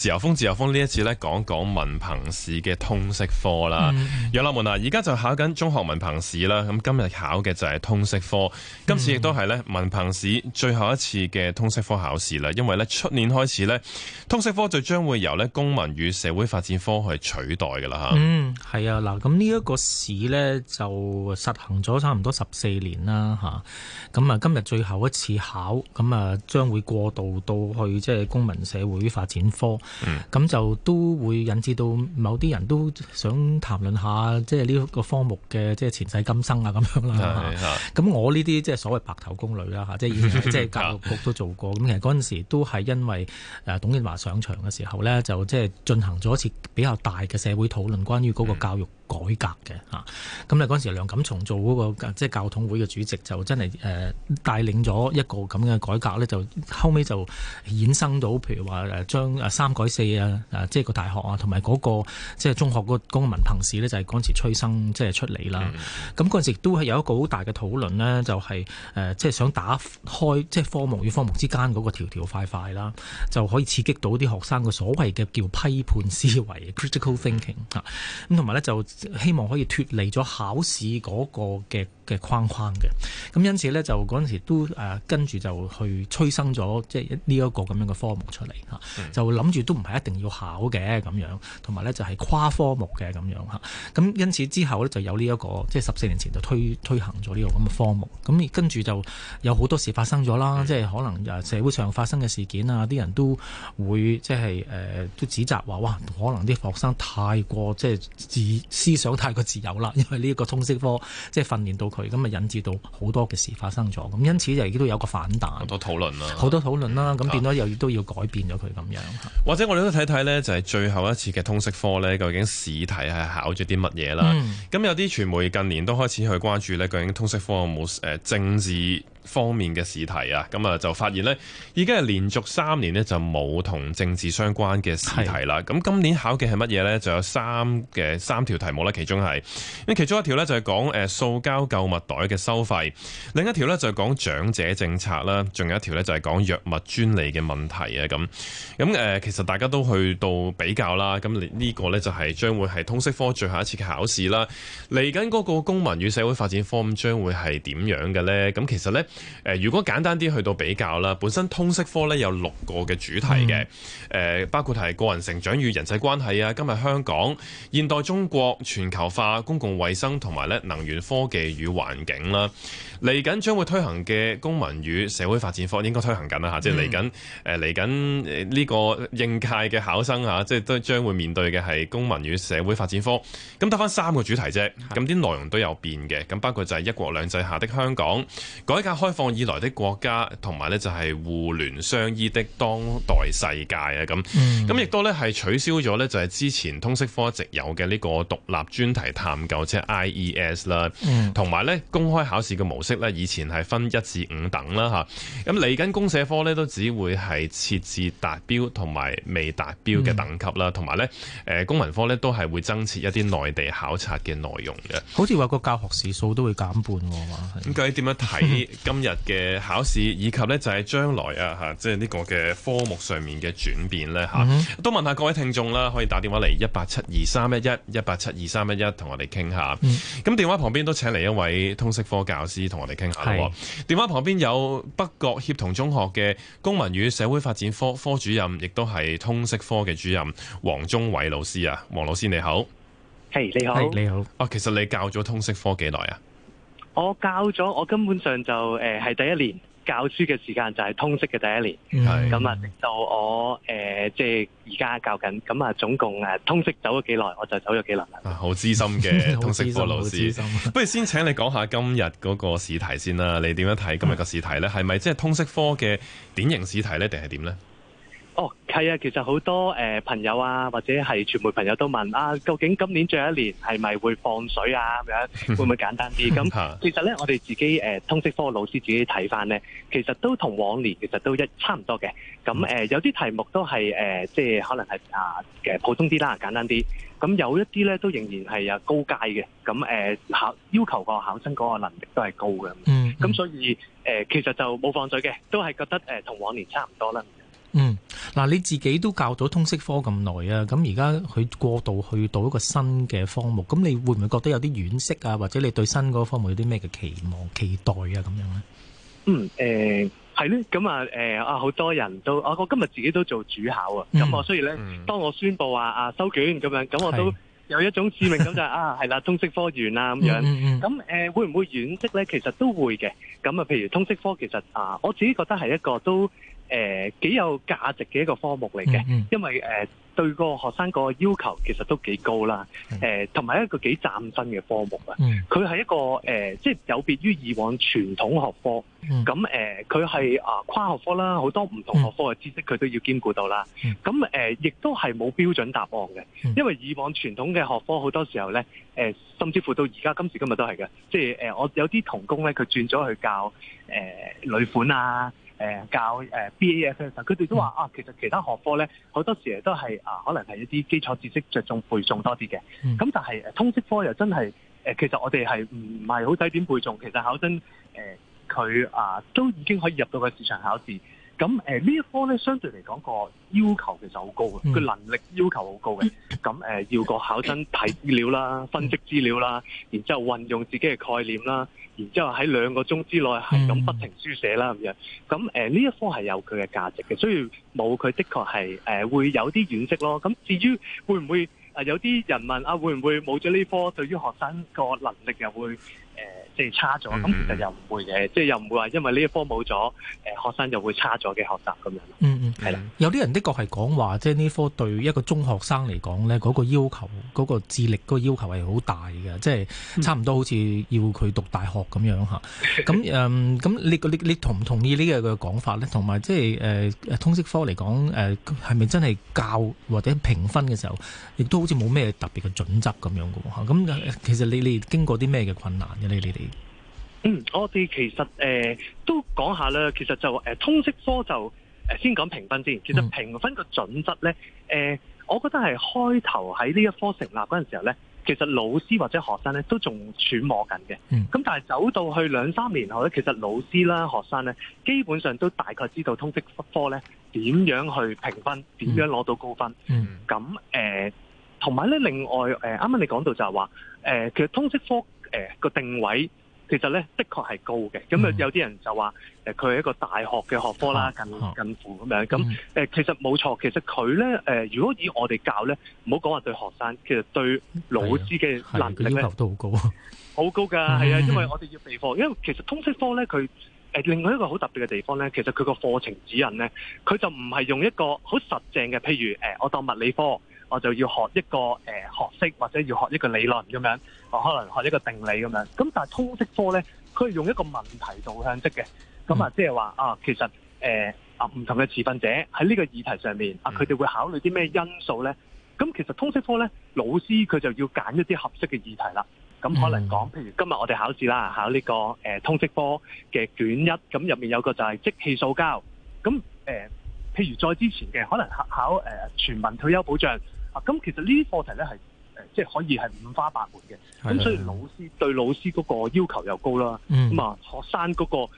自由風，自由風，呢一次呢講講文憑試嘅通識科啦，友友們啊，而家就考緊中學文憑試啦。咁今日考嘅就係通識科，今次亦都係呢文憑試最後一次嘅通識科考試啦。因為呢出年開始呢，通識科就將會由呢公民與社會發展科去取代噶啦吓。嗯，係啊，嗱，咁呢一個試呢，就實行咗差唔多十四年啦，吓。咁啊，今日最後一次考，咁啊，將會過渡到去即係公民社會發展科。咁、嗯、就都會引致到某啲人都想談論下，即係呢個科目嘅即係前世今生啊咁樣啦，啊嗯。咁、嗯嗯、我呢啲即係所謂白頭宮女啦嚇，即係以前即係教育局都做過。咁、嗯嗯、其實嗰陣時都係因為誒董建華上場嘅時候咧，就即係進行咗一次比較大嘅社會討論，關於嗰個教育。改革嘅吓，咁你嗰陣時梁錦松做嗰個即係教統會嘅主席，就真係誒帶領咗一個咁嘅改革咧，就後尾就衍生到譬如話誒將將三改四啊，誒即係個大學啊，同埋嗰個即係中學嗰個文憑試咧，就係嗰陣時催生即係出嚟啦。咁嗰陣時都係有一個好大嘅討論咧，就係誒即係想打開即係科目與科目之間嗰個條條塊塊啦，就可以刺激到啲學生嘅所謂嘅叫批判思維、嗯、critical thinking 吓，咁同埋咧就是條條快快。就希望可以脫離咗考試嗰個嘅嘅框框嘅，咁因此咧就嗰陣時都誒、啊、跟住就去催生咗即係呢一個咁樣嘅科目出嚟吓，就諗住都唔係一定要考嘅咁樣，同埋咧就係、是、跨科目嘅咁樣吓，咁因此之後咧就有呢、這、一個即係十四年前就推推行咗呢個咁嘅科目，咁跟住就有好多事發生咗啦，即係、就是、可能誒社會上發生嘅事件啊，啲人都會即係誒都指責話哇，可能啲學生太過即係、就是、自私。思想太過自由啦，因為呢一個通識科即係訓練到佢，咁咪引致到好多嘅事發生咗。咁因此就亦都有一個反彈，好多討論啦，好多討論啦，咁、啊、變咗又都要改變咗佢咁樣、啊。或者我哋都睇睇呢，就係最後一次嘅通識科呢，究竟試題係考咗啲乜嘢啦？咁、嗯、有啲傳媒近年都開始去關注呢，究竟通識科有冇誒政治？方面嘅試題啊，咁啊就發現呢，已經係連續三年呢，就冇同政治相關嘅試題啦。咁今年考嘅係乜嘢呢？就有三嘅三條題目啦，其中係咁，其中一條呢，就係講誒塑膠購物袋嘅收費，另一條呢，就係講長者政策啦，仲有一條呢，就係講藥物專利嘅問題啊。咁咁誒，其實大家都去到比較啦。咁呢個呢，就係將會係通識科最後一次嘅考試啦。嚟緊嗰個公民與社會發展科將會係點樣嘅呢？咁其實呢。誒，如果簡單啲去到比較啦，本身通識科呢有六個嘅主題嘅、嗯，包括係個人成長與人際關係啊，今日香港、現代中國、全球化、公共衛生同埋咧能源科技與環境啦，嚟緊將會推行嘅公民與社會發展科應該推行緊啦吓，即係嚟緊誒嚟緊呢個應屆嘅考生吓，即係都將會面對嘅係公民與社會發展科，咁得翻三個主題啫，咁啲內容都有變嘅，咁包括就係一國兩制下的香港改革。開放以來的國家同埋咧就係互聯相依的當代世界啊咁，咁亦都咧係取消咗咧就係之前通識科一直有嘅呢個獨立專題探究即係 I E S 啦，嗯，同埋咧公開考試嘅模式咧以前係分一至五等啦吓，咁嚟緊公社科咧都只會係設置達標同埋未達標嘅等級啦，同埋咧誒公民科咧都係會增設一啲內地考察嘅內容嘅，好似話個教學時數都會減半喎嘛？咁究竟點樣睇？ 今日嘅考試以及咧就係將來啊吓，即係呢個嘅科目上面嘅轉變咧吓、嗯，都問下各位聽眾啦，可以打電話嚟一八七二三一一一八七二三一一同我哋傾下。咁、嗯、電話旁邊都請嚟一位通識科教師同我哋傾下咯。電話旁邊有北角協同中學嘅公民與社會發展科科主任，亦都係通識科嘅主任黃中偉老師啊。黃老師你好，係你好，你好。啊、hey,，hey, oh, 其實你教咗通識科幾耐啊？我教咗，我根本上就誒係第一年教書嘅時間就係通識嘅第一年。咁啊、嗯、直到我誒、呃、即係而家教緊，咁啊總共誒通識走咗幾耐，我就走咗幾耐啦。好、啊、資深嘅 通識科老師， 資深資深，不如先請你講下今日嗰個試題先啦，你點樣睇今日個試題咧？係咪即係通識科嘅典型試題咧，定係點咧？.係、哦、啊，其實好多誒、呃、朋友啊，或者係傳媒朋友都問啊，究竟今年最後一年係咪會放水啊？咁樣會唔會簡單啲？咁、 嗯嗯、其實咧，我哋自己誒、呃、通識科老師自己睇返咧，其實都同往年其實都一差唔多嘅。咁、嗯、誒、呃，有啲題目都係誒、呃，即係可能係啊嘅普通啲啦，簡單啲。咁、嗯、有一啲咧都仍然係啊高階嘅。咁誒考要求個考生嗰個能力都係高嘅。咁、嗯嗯嗯、所以誒、呃、其實就冇放水嘅，都係覺得誒同、呃、往年差唔多啦。嗯。嗱、啊，你自己都教到通識科咁耐啊，咁而家佢過渡去到一個新嘅科目，咁你會唔會覺得有啲惋惜啊？或者你對新嗰個科目有啲咩嘅期望、期待啊？咁樣咧？嗯，誒、呃，係咧，咁啊，誒、呃，啊，好多人都，我今日自己都做主考啊，咁、嗯、我所以咧、嗯，當我宣布話啊收、啊、卷咁樣，咁我都有一種使命感就係、啊，係啦，通識科完啊。咁、嗯、樣，咁誒、嗯呃，會唔會惋惜咧？其實都會嘅，咁啊，譬如通識科，其實啊，我自己覺得係一個都。誒、呃，幾有價值嘅一個科目嚟嘅，嗯嗯，因為誒、呃、對個學生個要求其實都幾高啦。誒、嗯，同、呃、埋一個幾嶄新嘅科目啊，佢、嗯、係一個誒、呃，即係有別於以往傳統學科。咁、嗯、誒，佢係啊跨學科啦，好多唔同學科嘅知識佢都要兼顧到啦。咁、嗯、誒、嗯呃，亦都係冇標準答案嘅，嗯，因為以往傳統嘅學科好多時候咧，誒、呃，甚至乎到而家今時今日都係嘅，即係誒，我、呃、有啲同工咧，佢轉咗去教誒、呃、女款啊。誒教誒 B A S，佢哋都話啊，其實其他學科咧好多時都係啊，可能係一啲基礎知識着重背誦多啲嘅。咁、嗯、但係通識科又真係誒、啊，其實我哋係唔係好使點背誦，其實考生誒佢啊,啊都已經可以入到個市場考試。咁誒呢一科咧，相對嚟講個要求其實好高嘅，佢能力要求好高嘅。咁、嗯、誒、呃、要個考生睇資料啦、分析資料啦，然之後運用自己嘅概念啦，然之後喺兩個鐘之內係咁不停書寫啦咁樣。咁、嗯、呢、呃、一科係有佢嘅價值嘅，所以冇佢的確係誒、呃、會有啲惋惜咯。咁至於會唔會、呃、有啲人問啊，會唔會冇咗呢科對於學生個能力又會誒？呃即係差咗，咁其實又唔會嘅，即係又唔會話因為呢一科冇咗，誒學生就會差咗嘅學習咁樣。嗯嗯，係啦，有啲人的確係講話，即係呢科對一個中學生嚟講咧，嗰個要求、嗰個智力、嗰個要求係好大嘅，即係差唔多好似要佢讀大學咁樣嚇。咁誒，咁你你你同唔同意呢個嘅講法咧？同埋即係誒誒通識科嚟講，誒係咪真係教或者評分嘅時候，亦都好似冇咩特別嘅準則咁樣嘅喎？嚇，咁其實你你經過啲咩嘅困難嘅咧？你哋？你嗯，我哋其實誒、呃、都講下啦，其實就誒、呃、通識科就誒、呃、先講評分先。其實評分個準則咧，誒、呃、我覺得係開頭喺呢一科成立嗰陣時候咧，其實老師或者學生咧都仲揣摩緊嘅。咁、嗯、但係走到去兩三年後咧，其實老師啦、學生咧，基本上都大概知道通識科咧點樣去評分，點樣攞到高分。嗯、咁誒同埋咧，另外誒啱啱你講到就係話誒，其實通識科誒個、呃、定位。其實咧，的確係高嘅。咁、嗯、啊、嗯，有啲人就話，誒佢係一個大學嘅學科啦、嗯，近近乎咁樣。咁、嗯嗯、其實冇錯，其實佢咧，誒、呃、如果以我哋教咧，唔好講話對學生，其實對老師嘅能力咧，要求都好高啊，好高㗎，係、嗯、啊，因為我哋要備課、嗯，因為其實通識科咧，佢、呃、另外一個好特別嘅地方咧，其實佢個課程指引咧，佢就唔係用一個好實淨嘅，譬如誒、呃，我當物理科。我就要學一個誒、呃、學識，或者要學一個理論咁樣，我、呃、可能學一個定理咁樣。咁但係通識科呢，佢係用一個問題導向式嘅，咁、嗯、啊，即係話啊，其實誒啊唔同嘅持份者喺呢個議題上面，啊佢哋會考慮啲咩因素呢？咁、嗯、其實通識科呢，老師佢就要揀一啲合適嘅議題啦。咁可能講，譬如今日我哋考試啦，考呢、這個、呃、通識科嘅卷一，咁入面有個就係即棄塑膠。咁誒，譬如再之前嘅，可能考誒、呃、全民退休保障。啊，咁其實呢啲課題咧係誒，即係可以係五花八門嘅，咁所以老師對老師嗰個要求又高啦，咁、嗯、啊學生嗰個誒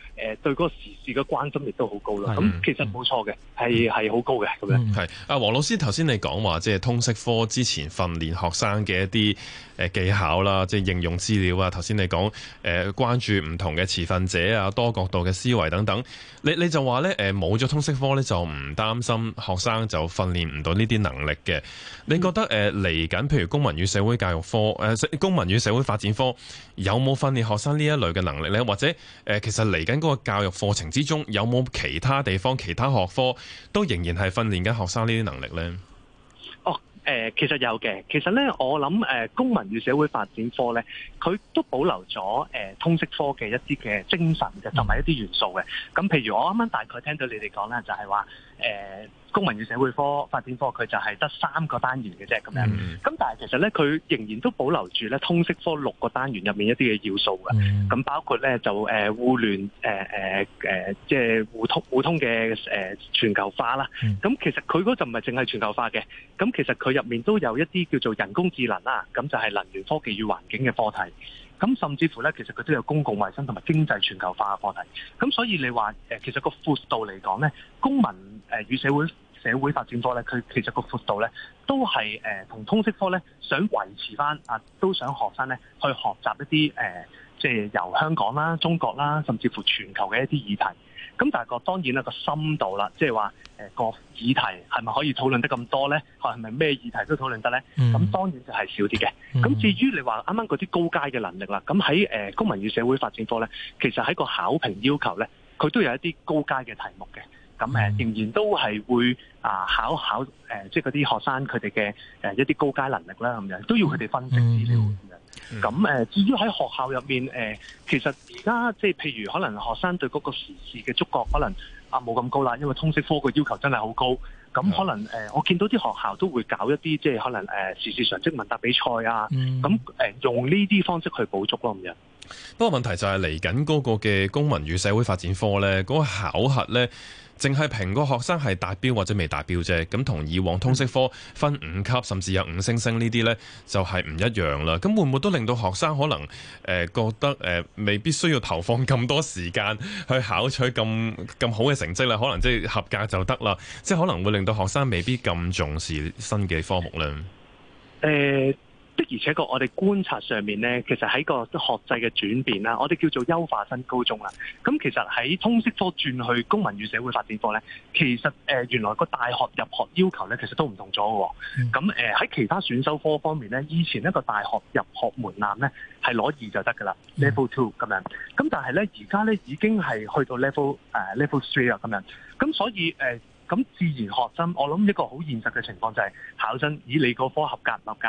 對嗰個時事嘅關心亦都好高啦，咁其實冇錯嘅，係係好高嘅咁樣。係、嗯、啊，黃老師頭先你講話即係通識科之前訓練學生嘅一啲，技巧啦，即係應用資料啊。頭先你講，誒，關注唔同嘅持份者啊，多角度嘅思維等等。你你就話呢，誒，冇咗通識科呢，就唔擔心學生就訓練唔到呢啲能力嘅。你覺得誒嚟緊，譬如公民與社會教育科，誒，公民與社會發展科，有冇訓練學生呢一類嘅能力呢？或者誒，其實嚟緊嗰個教育課程之中，有冇其他地方、其他學科都仍然係訓練緊學生呢啲能力呢？誒、呃、其實有嘅，其實咧我諗誒、呃、公民與社會發展科咧，佢都保留咗誒、呃、通識科嘅一啲嘅精神嘅，同埋一啲元素嘅。咁譬如我啱啱大概聽到你哋講啦，就係話誒。呃公民與社會科發展科，佢就係得三個單元嘅啫，咁、嗯、樣。咁但係其實咧，佢仍然都保留住咧通識科六個單元入面一啲嘅要素嘅。咁、嗯、包括咧就誒、呃、互聯誒誒誒，即係互通互通嘅誒、呃、全球化啦。咁、嗯、其實佢嗰陣唔係淨係全球化嘅。咁其實佢入面都有一啲叫做人工智能啦。咁就係能源科技與環境嘅課題。咁甚至乎咧，其實佢都有公共衛生同埋經濟全球化嘅課題。咁所以你話、呃，其實個闊度嚟講咧，公民、呃、與社會社會發展科咧，佢其實個闊度咧，都係、呃、同通識科咧，想維持翻啊，都想學生咧去學習一啲、呃即係由香港啦、中國啦，甚至乎全球嘅一啲議題。咁但係個當然啦，個深度啦，即係話誒個議題係咪可以討論得咁多咧？係咪咩議題都討論得咧？咁、嗯、當然就係少啲嘅。咁、嗯、至於你話啱啱嗰啲高階嘅能力啦，咁喺公民與社會發展科咧，其實喺個考評要求咧，佢都有一啲高階嘅題目嘅。咁、嗯、仍然都係會啊考考，即係嗰啲學生佢哋嘅一啲高階能力啦，咁樣都要佢哋分析資料咁樣。咁、嗯、誒，至於喺學校入面誒，其實而家即係譬如可能學生對嗰個時事嘅觸覺可能啊冇咁高啦，因為通識科嘅要求真係好高。咁、嗯、可能誒，我見到啲學校都會搞一啲即係可能誒時事常識問答比賽啊。咁、嗯、誒，用呢啲方式去補足咯咁樣。不過問題就係嚟緊嗰個嘅公民與社會發展科咧，嗰、嗰個考核咧。淨係評個學生係達標或者未達標啫，咁同以往通識科分五級甚至有五星星呢啲呢，就係、是、唔一樣啦。咁會唔會都令到學生可能誒、呃、覺得誒、呃、未必需要投放咁多時間去考取咁咁好嘅成績啦？可能即係合格就得啦，即係可能會令到學生未必咁重視新嘅科目咧。誒、嗯。而且個我哋觀察上面咧，其實喺個學制嘅轉變啦，我哋叫做優化新高中啦。咁其實喺通識科轉去公民與社會發展科咧，其實誒原來個大學入學要求咧，其實都唔同咗嘅。咁誒喺其他選修科方面咧，以前一個大學入學門檻咧係攞二就得噶啦，level two 咁樣。咁、嗯、但係咧而家咧已經係去到 level 誒 level three 啊咁樣。咁所以誒咁自然學生，我諗一個好現實嘅情況就係考生以你個科合格唔合格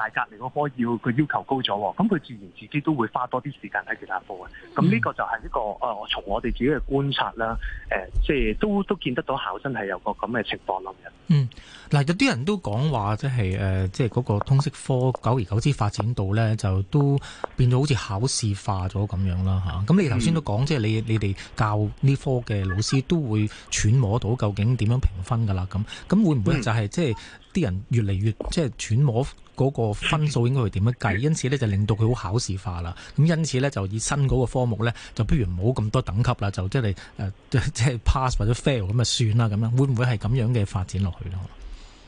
大隔離嗰科要佢要求高咗，咁佢自然自己都會花多啲時間喺其他科嘅。咁呢個就係一個誒，我、嗯呃、從我哋自己嘅觀察啦，誒、呃，即係都都見得到考生係有個咁嘅情況咯。嗯，嗱，有啲人都講話即係誒，即係嗰個通識科久而久之發展到咧，就都變咗好似考試化咗咁樣啦。嚇、啊，咁你頭先都講即係你你哋教呢科嘅老師都會揣摩到究竟點樣評分㗎喇，咁咁會唔會就係即係啲人越嚟越即係、就是、揣摩？嗰、那個分數應該會點樣計？因此咧就令到佢好考試化啦。咁因此咧就以新嗰個科目咧就不如唔好咁多等級啦，就即係誒、呃、即係 pass 或者 fail 咁啊算啦咁樣。會唔會係咁樣嘅發展落去咯？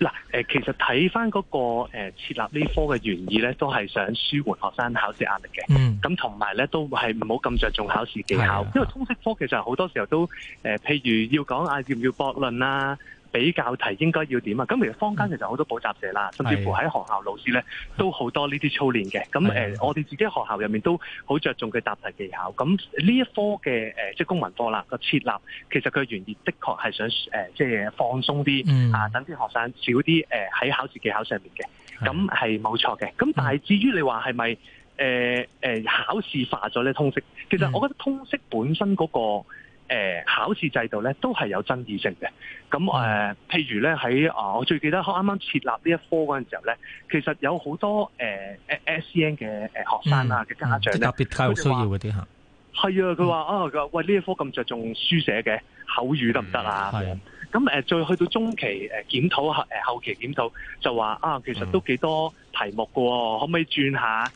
嗱，誒其實睇翻嗰個誒設立呢科嘅原意咧，都係想舒緩學生考試壓力嘅。嗯，咁同埋咧都係唔好咁着重考試技巧、啊，因為通識科其實好多時候都誒，譬如要講啊要唔要駁論啦。比較題應該要點啊？咁其實坊間其實好多補習社啦，甚至乎喺學校老師咧都好多呢啲操練嘅。咁、呃、我哋自己學校入面都好着重佢答題技巧。咁呢一科嘅、呃、即係公民科啦個設立，其實佢嘅原意的確係想、呃、即係放鬆啲、嗯、啊，等啲學生少啲喺、呃、考試技巧上面嘅。咁係冇錯嘅。咁但係至於你話係咪、呃、呃、考試化咗呢？通識其實我覺得通識本身嗰個。誒考試制度咧都係有爭議性嘅，咁、嗯、誒、嗯呃、譬如咧喺啊，我最記得啱啱設立呢一科嗰陣時候咧，其實有好多誒、呃、SEN 嘅誒學生啊嘅家長、嗯嗯、特別教育需要嗰啲嚇，係啊，佢話、嗯、啊，佢話喂呢一科咁着重書寫嘅口語得唔得啊？咁、嗯、誒、嗯、再去到中期誒檢討後期檢討就話啊，其實都幾多題目喎、嗯，可唔可以轉下誒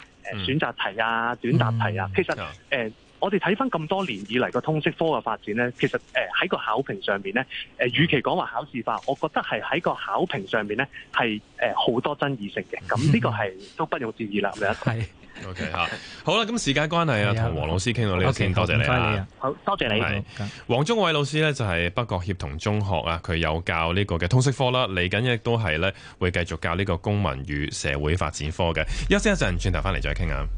選擇題啊、嗯、短答題啊？嗯、其實誒。我哋睇翻咁多年以嚟個通識科嘅發展咧，其實誒喺個考評上邊咧，誒與其講話考試化，我覺得係喺個考評上邊咧係誒好多爭議性嘅。咁呢個係都不用置疑啦。係 一看 ，OK 吓、啊，好啦，咁時間關係啊，同 黃老師傾到呢度先 okay, 多，多謝你好多謝你，黃中偉老師咧就係北角協同中學啊，佢有教呢個嘅通識科啦，嚟緊亦都係咧會繼續教呢個公民與社會發展科嘅。休息一陣，轉頭翻嚟再傾下。